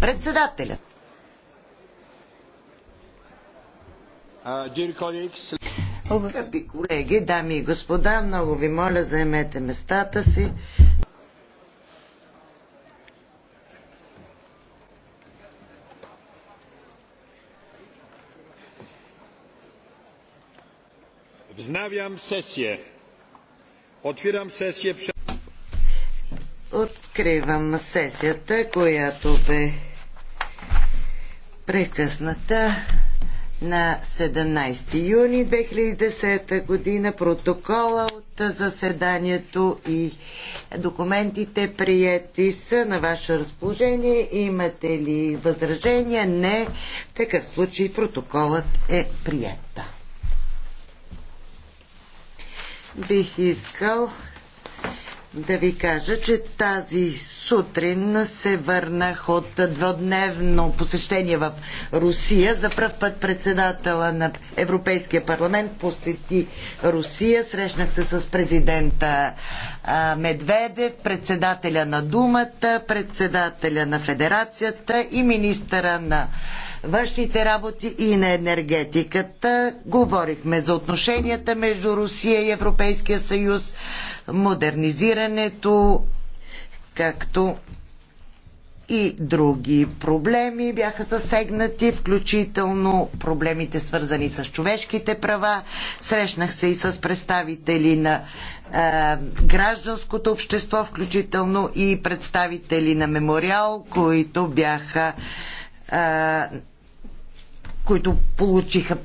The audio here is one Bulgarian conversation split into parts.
Председателя. Скъпи колеги, дами и господа, много ви моля, заемете местата си. Wznawiam sesję. Otwieram sesję. Откривам сесията, която бе прекъсната на 17 юни 2010 година. Протокола от заседанието и документите приети са на ваше разположение. Имате ли възражения? Не. В такъв случай протоколът е прият. Бих искал да ви кажа, че тази сутрин се върнах от дводневно посещение в Русия. За първ път председателя на Европейския парламент посети Русия. Срещнах се с президента Медведев, председателя на Думата, председателя на Федерацията и министъра на външните работи и на енергетиката. Говорихме за отношенията между Русия и Европейския съюз, модернизирането, както и други проблеми бяха засегнати, включително проблемите свързани с човешките права. Срещнах се и с представители на е, гражданското общество, включително и представители на мемориал, които бяха е, които получиха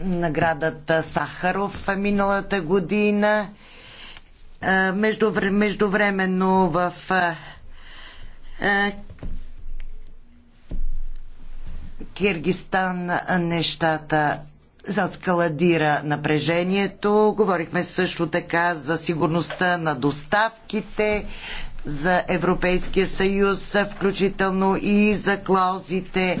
наградата Сахаров миналата година Междувременно в Киргистан нещата заскаладира напрежението. Говорихме също така за сигурността на доставките, за Европейския съюз, включително и за клаузите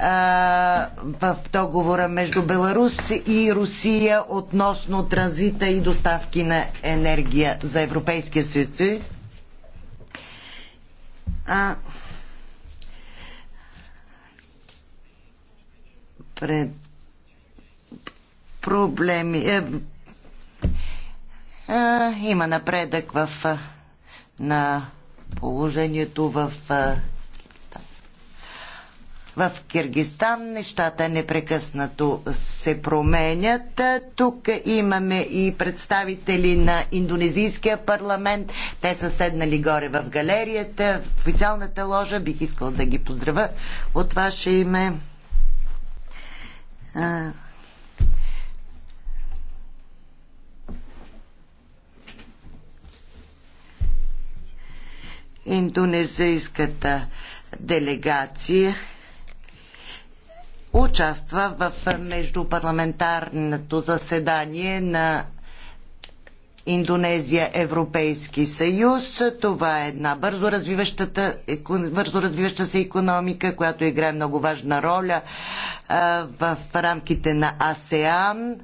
в договора между Беларус и Русия относно транзита и доставки на енергия за Европейския съюз. пред проблеми. Е, има напредък в, на положението в в Киргистан нещата непрекъснато се променят. Тук имаме и представители на индонезийския парламент. Те са седнали горе в галерията, в официалната ложа. Бих искала да ги поздравя от ваше име. индонезийската делегация участва в междупарламентарното заседание на Индонезия Европейски съюз. Това е една бързо, развиващата, бързо развиваща се економика, която играе много важна роля в рамките на АСЕАН.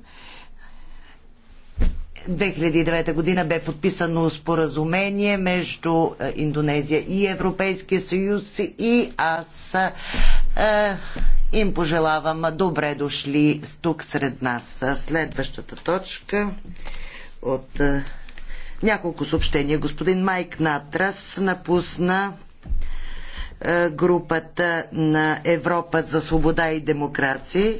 2009 година бе подписано споразумение между Индонезия и Европейския съюз и аз им пожелавам добре дошли тук сред нас. Следващата точка от е, няколко съобщения. Господин Майк Натрас напусна е, групата на Европа за свобода и демокрация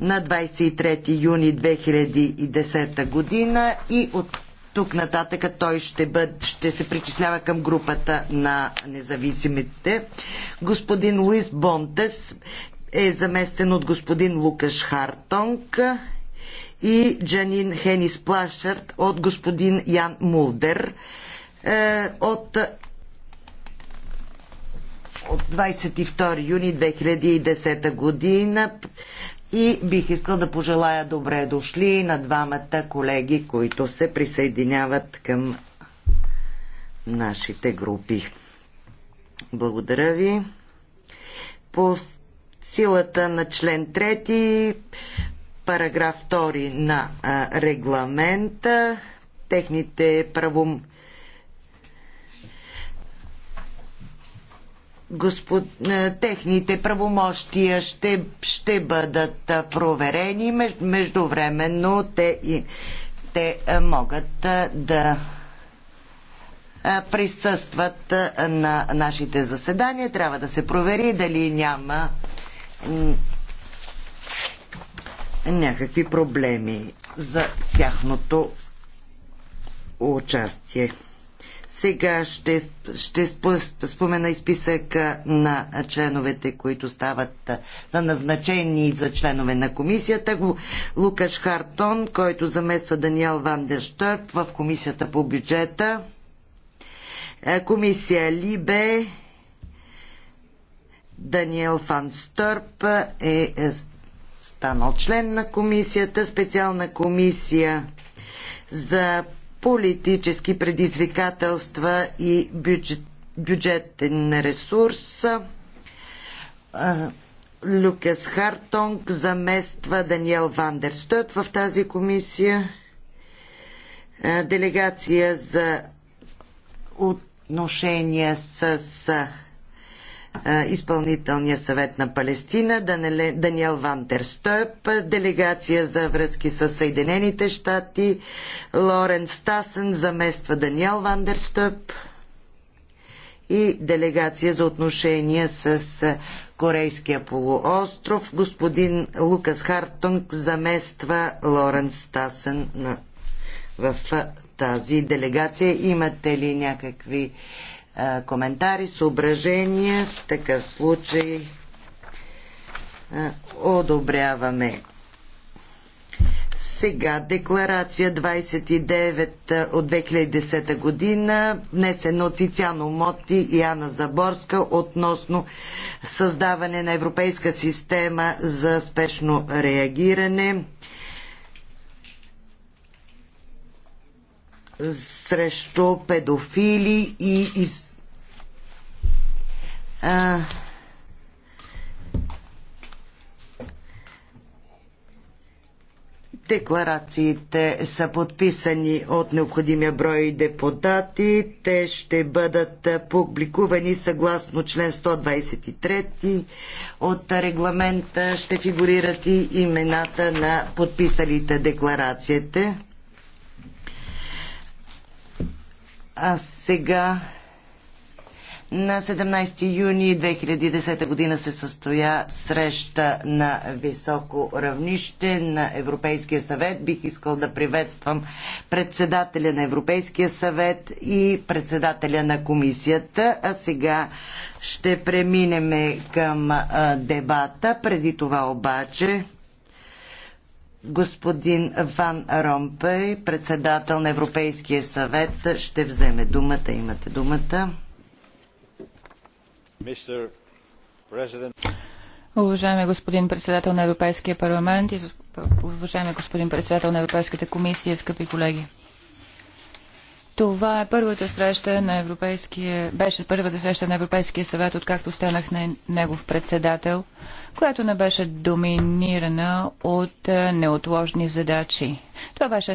на 23 юни 2010 година и от тук нататък той ще, бъд, ще се причислява към групата на независимите. Господин Луис Бонтес е заместен от господин Лукаш Хартонг и Джанин Хенис Плашарт от господин Ян Мулдер е, от от 22 юни 2010 година и бих искал да пожелая добре дошли на двамата колеги, които се присъединяват към нашите групи. Благодаря ви. По силата на член 3, параграф 2 на регламента, техните правом... Господ... техните правомощия ще, ще бъдат проверени. Междувременно те, те могат да присъстват на нашите заседания. Трябва да се провери дали няма някакви проблеми за тяхното участие. Сега ще, ще спомена и списъка на членовете, които стават за назначени за членове на комисията. Лукаш Хартон, който замества Даниел Ван Дештърп в комисията по бюджета. Е, комисия Либе, Даниел Фан Стърп е, е, станал член на комисията, специална комисия за политически предизвикателства и бюджетен ресурс. Люкес Хартонг замества Даниел Вандерстъп в тази комисия. Делегация за отношения с изпълнителния съвет на Палестина, Даниел Вантер Стойп, делегация за връзки с Съединените щати, Лорен Стасен замества Даниел Вандер Стойп и делегация за отношения с Корейския полуостров. Господин Лукас Хартунг замества Лорен Стасен в тази делегация. Имате ли някакви а, коментари, съображения. В такъв случай а, одобряваме. Сега декларация 29 от 2010 година, внесена от Тициано Моти и Ана Заборска относно създаване на европейска система за спешно реагиране. срещу педофили и из... а... Декларациите са подписани от необходимия брой депутати. Те ще бъдат публикувани съгласно член 123 от регламента. Ще фигурират и имената на подписалите декларациите. А сега на 17 юни 2010 година се състоя среща на високо равнище на Европейския съвет. Бих искал да приветствам председателя на Европейския съвет и председателя на комисията. А сега ще преминем към дебата. Преди това обаче господин Ван Ромпей, председател на Европейския съвет, ще вземе думата. Имате думата. Уважаеми господин председател на Европейския парламент и уважаеми господин председател на Европейската комисия, скъпи колеги. Това е първата среща на Европейския, беше първата среща на Европейския съвет, откакто станах негов председател която не беше доминирана от е, неотложни задачи. Това беше